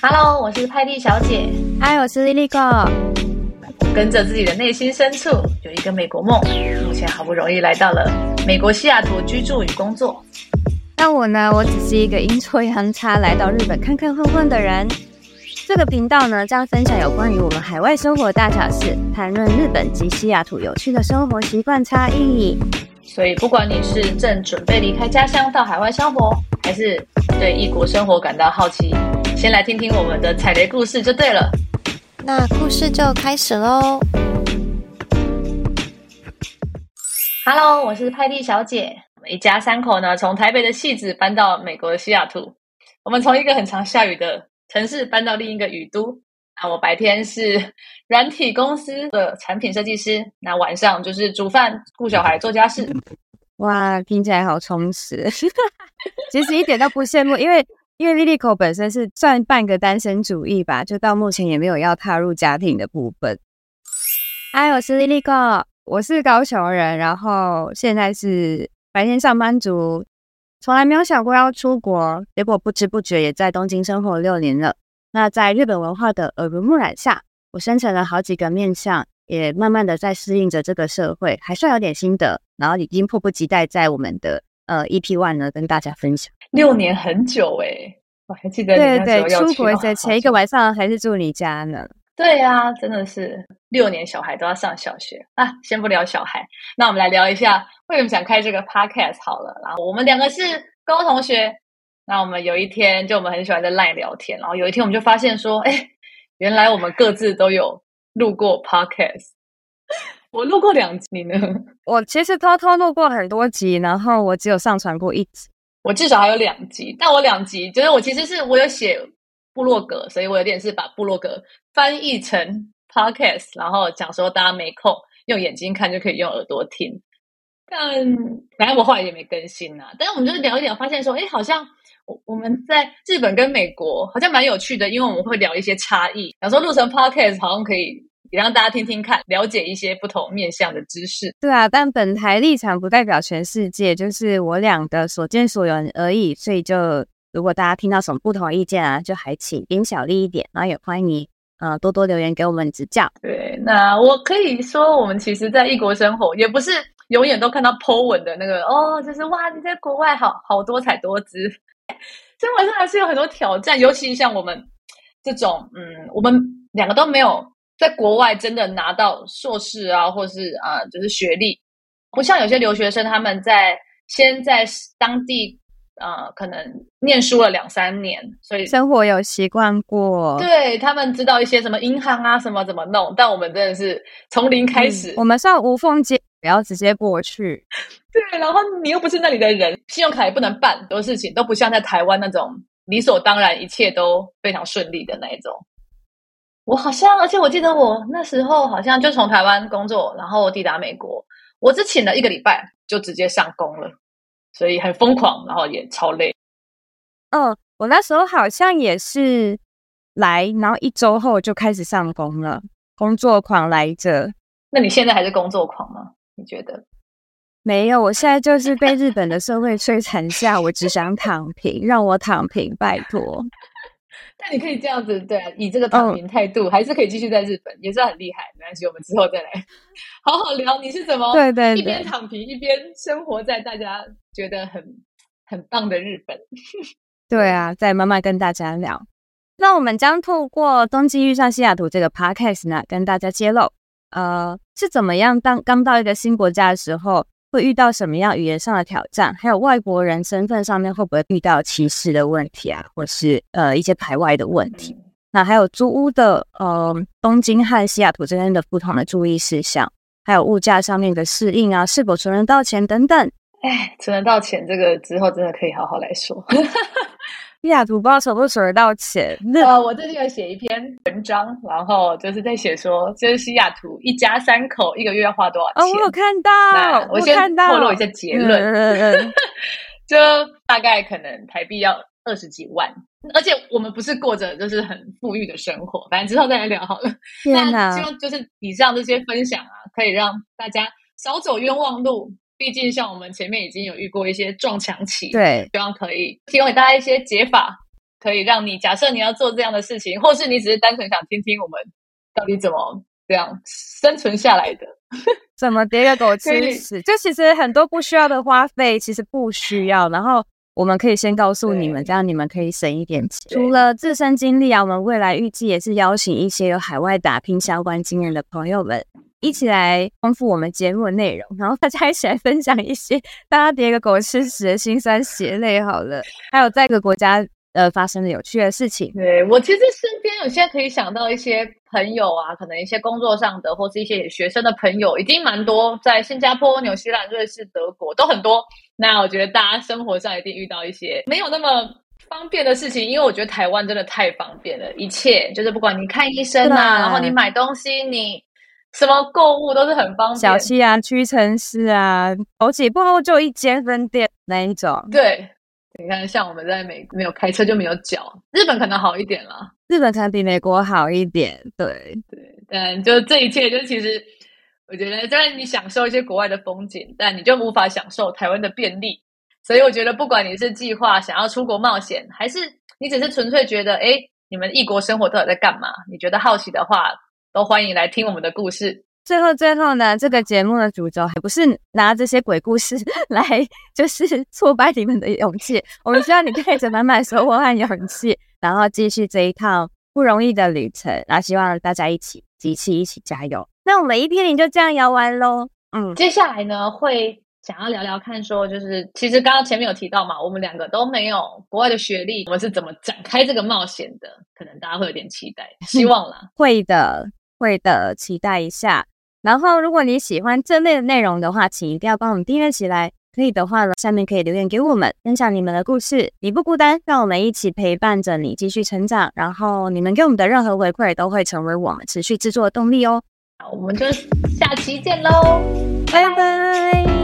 Hello，我是派蒂小姐。Hi，我是莉莉可。跟着自己的內心深處有一個美國夢，目前好不容易來到了美國西雅圖居住與工作。那我呢？我只是一個陰錯陽差來到日本看看混混的人。這個頻道呢，將分享有關於我們海外生活大小事，談論日本及西雅圖有趣的生活習慣差異。所以，不管你是正準備離開家鄉到海外生活，還是對異國生活感到好奇。先來聽聽我們的踩雷故事就對了，那故事就開始嘍。Hello，我是派蒂小姐。我們一家三口呢，從台北的汐止搬到美國的西雅圖。我們從一個很常下雨的城市搬到另一個雨都。那我白天是軟體公司的產品設計師，那晚上就是煮飯、顧小孩、做家事。哇，聽起來好充實。 其實一點都不羨慕，因為。因為莉莉口本身是算半個單身主義吧，就到目前也沒有要踏入家庭的部分。嗨，我是莉莉口，我是高雄人，然後現在是白天上班族，從來沒有想過要出國，結果不知不覺也在東京生活六年了。那在日本文化的耳濡目染下，我生成了好幾個面向，也慢慢的在適應着這個社會，還算有點心得，然後已經迫不及待在我們的呃 EP One 呢，跟大家分享。六年很久哎，欸。我還記得那時候出國，在哇前一個晚上還是住你家呢。對呀、啊，真的是六年小孩都要上小學啊！先不聊小孩，那我們來聊一下為什麼想開這個 podcast 好了。然後我們兩個是高中同學，那我們有一天就我們很喜歡在 LINE 聊天，然後有一天我們就發現說，哎、欸，原來我們各自都有錄過 podcast。我錄過兩集呢。我其實偷偷錄過很多集，然後我只有上傳過一集。我至少還有兩集，但我兩集就是我其實是我有寫部落格，所以我有點是把部落格翻譯成 podcast，然後講說大家沒空用眼睛看就可以用耳朵聽。但反正我後來也沒更新啊。但是我們就是聊一聊，發現說，哎，好像我們在日本跟美國好像蠻有趣的，因為我們會聊一些差異，假如說錄成 podcast 好像可以。也讓大家聽聽看，了解一些不同面向的知識。對啊，但本台立場不代表全世界，就是我倆的所見所聞而已。所以就，就如果大家聽到什麼不同意見啊，就還請給小力一點。然後，也歡迎你，呃，多多留言給我們指教。對，那我可以說，我們其實，在異國生活，也不是永遠都看到 Po 文的那個哦，就是哇，你在國外好好多彩多姿。生 活上還是有很多挑戰，尤其像我們這種，嗯，我們兩個都沒有。在國外真的拿到碩士啊，或是啊、呃，就是學歷，不像有些留學生他們在先在當地啊、呃，可能念書了兩三年，所以生活有習慣過。對，他們知道一些什麼銀行啊，什麼怎麼弄。但我們真的是從零開始，嗯、我們算無縫接，不要直接過去。 對，然後你又不是那裡的人，信用卡也不能辦，很多事情都不像在台灣那種理所當然，一切都非常順利的那一種。我好像，而且我記得我那時候好像就從台灣工作，然後抵達美國。我只請了一個禮拜，就直接上工了，所以很瘋狂，然後也超累。嗯、哦，我那時候好像也是來，然後一周後就開始上工了，工作狂來着。那你現在還是工作狂嗎？你覺得？沒有，我現在就是被日本的社會摧殘下， 我只想躺平，讓我躺平，拜託。但你可以這樣子，對，以這個躺平態度，嗯、還是可以繼續在日本，也是很厲害，沒關係，我們之後再來好好聊。你是怎麼對對，一邊躺平，一邊生活在大家覺得很很棒的日本？ 對啊，再慢慢跟大家聊。那我們將透過東京遇上西雅圖這個 Podcast 呢，跟大家揭露，呃，是怎麼樣當，當剛到一個新國家的時候，遇到什麼樣語言上的挑戰，還有外國人身份上面會不會遇到歧視的問題啊，或是呃一些排外的問題？那還有租屋的嗯、呃、東京和西雅圖之間的不同的注意事項，還有物價上面的適應啊，是否存得到錢等等？哎，存得到錢這個之後真的可以好好來說。 西雅圖不知道省不省得到錢。那呃，我最近寫一篇文章，然後就是在寫說，這、就是西雅圖一家三口一個月要花多少錢？哦，我有看到，我先透露一下結論，嗯、 就大概可能台幣要二十幾萬，而且我們不是過着就是很富裕的生活，反正之後再來聊好了。天希、啊、望就，就是以上這些分享啊，可以讓大家少走冤枉路。畢竟，像我們前面已經有遇過一些撞牆期，對，希望可以提供給大家一些解法，可以讓你假設你要做這樣的事情，或是你只是單純想聽聽我們到底怎麼這樣生存下來的， 怎麼跌個狗吃屎？以就其實很多不需要的花費，其實不需要。然後我們可以先告訴你們，對這樣你們可以省一點錢。對除了自身經歷啊，我們未來預計也是邀請一些有海外打拼相關經驗的朋友們。一起來豐富我們節目的內容，然後大家一起來分享一些大家跌個狗吃屎的辛酸血淚好了，還有在一個國家呃發生的有趣的事情。對，我其實身邊有些可以想到一些朋友啊，可能一些工作上的或是一些學生的朋友，一定蠻多在新加坡、紐西蘭、瑞士、德國都很多。那我覺得大家生活上一定遇到一些沒有那麼方便的事情，因為我覺得台灣真的太方便了，一切就是不管你看醫生啊，啊然後你買東西你。什麼購物都是很方便，小七啊，屈臣氏啊，走幾步路就有一間分店，那一種。對，你看，像我們在美國沒有開車就沒有腳，日本可能好一點啦，日本可能比美國好一點。對對，但就這一切，就其實我覺得，雖然你享受一些國外的風景，但你就無法享受台灣的便利。所以我覺得，不管你是計劃想要出國冒險，還是你只是純粹覺得，哎，你們異國生活到底在幹嘛？你覺得好奇的話。都歡迎來聽我們的故事。最後，最後呢，這個節目的主軸還不是拿這些鬼故事來，就是挫敗你們的勇氣。 我們希望你帶着滿滿收穫和勇氣， 然後繼續這一趟不容易的旅程。那希望大家一起集氣，一起加油。那我們 EP 零就這樣搖完嘍。嗯，接下來呢，會想要聊聊看，說就是其實剛剛前面有提到嘛，我們兩個都沒有國外的學歷，我們是怎麼展開這個冒險的？可能大家會有點期待，希望啦， 會的。會的，期待一下。然後，如果你喜歡這類的內容的話，請一定要幫我們訂閱起來。可以的話呢，下面可以留言給我們，分享你們的故事。你不孤單，讓我們一起陪伴着你繼續成長。然後，你們給我們的任何回饋都會成為我們持續製作的動力哦。那我們就下期見嘍，拜拜。